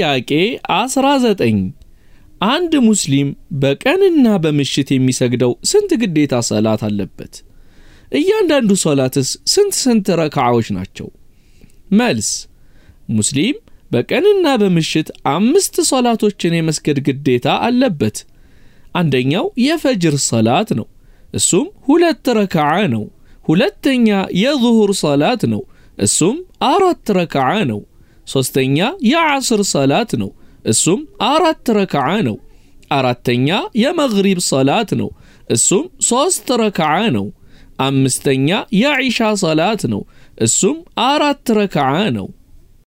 ጥያቄ 19 አንድ ሙስሊም በቀንና በምሽት የሚሰግደው ስንት ግዴታ ሰላት አለበት? እያንዳንዱ ሰላትስ ስንት ስንት ረካዓዎች ናቸው? መልስ፣ ሙስሊም በቀንና በምሽት አምስት ሰላቶችን የመስገድ ግዴታ አለበት። አንደኛው የፈጅር ሰላት ነው። እሱም ሁለት ረካዓ ነው። ሁለተኛ የዙሁር ሰላት ነው። እሱም አራት ረካዓ ነው። ሶስተኛ የዓስር ሰላት ነው እሱም አራት ረክዓ ነው አራተኛ የመግሪብ ሰላት ነው እሱም ሶስት ረክዓ ነው አምስተኛ የዒሻ ሰላት ነው እሱም አራት ረክዓ ነው